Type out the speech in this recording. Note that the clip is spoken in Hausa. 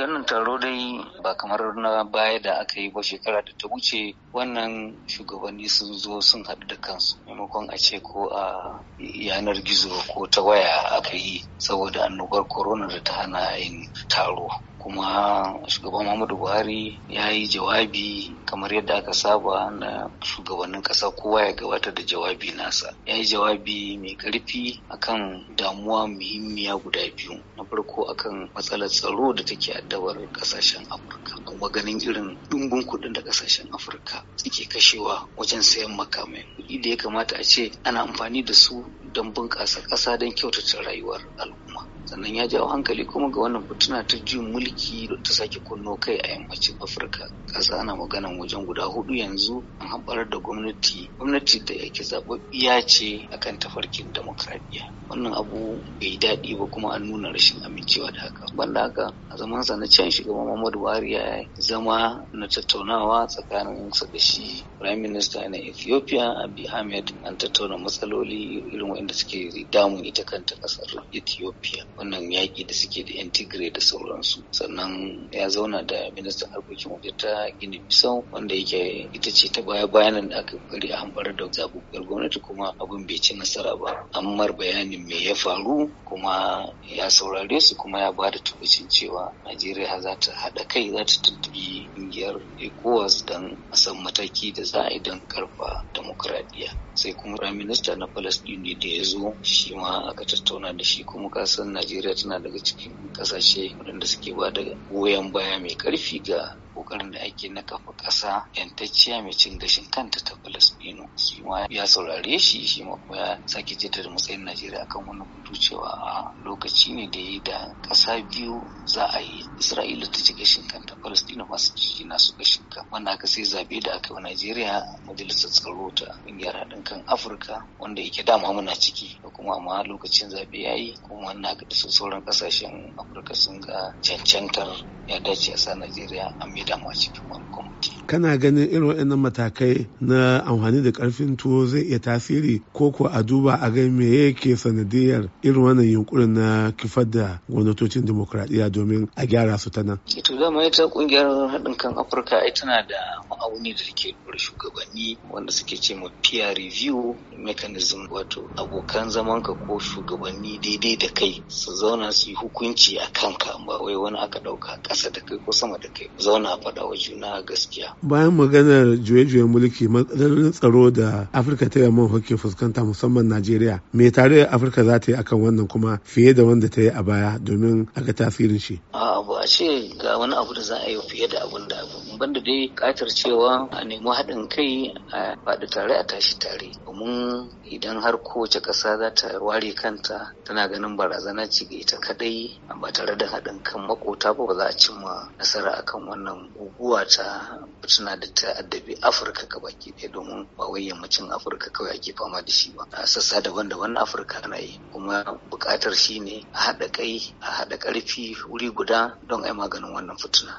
wannan taro dai ba kamar na baya da aka yi ba shekara da ta wuce wannan shugabanni sun zo sun haɗu da kansu maimakon a ce ko a yanar gizo ko ta waya aka yi saboda annobar corona da ta hana yin taro kuma shugaban muhammadu buhari ya yi jawabi kamar yadda aka saba na shugabannin ƙasa kowa ya gabatar da jawabi nasa ya yi jawabi mai ƙarfi akan damuwa muhimmiya guda biyu na farko akan matsalar tsaro da take addabar ƙasashen afirka kuma ganin irin ɗumbin kuɗin da ƙasashen afirka suke kashewa wajen sayan makamai kuɗi da ya kamata a ce ana amfani da su don bunƙasa ƙasa don kyautata rayuwar al'umma sannan ya jawo hankali kuma ga wannan fitina ta juyin mulki ta sake kunno kai a yammacin afirka ƙasa ana maganan wajen guda hudu yanzu an haɓarar da gwamnati gwamnati da yake zaɓaɓɓiya ce akan tafarkin demokradiyya wannan abu bai daɗi ba kuma an nuna rashin amincewa da haka da haka a zaman sa na can shugaban muhammadu buhari ya zama na tattaunawa tsakanin sa da shi prime minister na ethiopia abiy ahmed an tattauna matsaloli irin Wanda suke damun ita kanta kasar ethiopia wannan yaƙi da suke da yan da sauransu sannan ya zauna da ministan harkokin waje ta gini bisau wanda yake ita ce ta baya bayanan da aka bari a hambar da zabubbiyar gwamnati kuma abin bai ci nasara ba ammar bayanin me ya faru kuma ya saurare su kuma ya ba da tabbacin cewa najeriya za ta haɗa kai za ta tattabi ƙungiyar ecowas don a san mataki da za a yi don karfa demokradiyya sai kuma prime minister na palestine ne ya zo shi ma aka tattauna da shi kuma kasan najeriya tana daga cikin kasashe waɗanda suke ba da goyon baya mai karfi ga kokarin da ake na kafa ƙasa yantacciya mai cin gashin kanta ta Falasɗinu shi ma ya saurare shi shi ma kuma ya sake jaddada matsayin Najeriya kan wani hutu cewa a lokaci ne da ya da ƙasa biyu za a yi Isra'ila ta ci gashin kanta Falasɗinu masu ciki su gashin kan wannan aka sai zabe da aka yi Najeriya majalisar tsaro ta ƙungiyar haɗin kan Afirka wanda yake dama muna ciki da kuma ma lokacin zabe ya yi kuma wannan ga da sauran ƙasashen Afirka sun ga cancantar ya dace a sa Najeriya a masu cikin gwamnati. Kana ganin irin waɗannan matakai na amfani da karfin tuwo zai iya tasiri ko ko a duba a ga me yake sanadiyar irin wannan yunkurin na kifar da gwamnatocin demokradiyya domin a gyara su ta nan. Ito e, dama ita ƙungiyar haɗin kan Afirka ai tana da ma'auni da ke lura shugabanni wanda suke ce ma peer review mechanism wato abokan zamanka ko shugabanni daidai da kai su zauna su yi hukunci a kanka ba wai wani aka ɗauka ƙasa da kai ko sama da kai zauna muna faɗa wa juna gaskiya. Bayan maganar juye-juyen mulki matsalolin tsaro da Afirka ta yamma ke fuskanta musamman Najeriya, me tare Afirka za ta yi akan wannan kuma fiye da wanda ta yi a baya domin a tasirin shi. A'a, abu a ce ga wani abu da za a yi fiye da abun da abu. Banda dai katar cewa a nemi haɗin kai a faɗi tare a tashi tare. Domin idan har kowace ƙasa za ta ware kanta tana ganin barazana ci ita kaɗai ba tare da haɗin kan makota ba ba za a cimma nasara akan wannan guguwa ta suna da ta'addabi afirka ka baki ɗaya domin ba wai yammacin afirka kawai ake fama da shi ba a sassa daban-daban na afirka na yi kuma buƙatar shi ne a haɗa kai a haɗa ƙarfi wuri guda don a yi maganin wannan fituna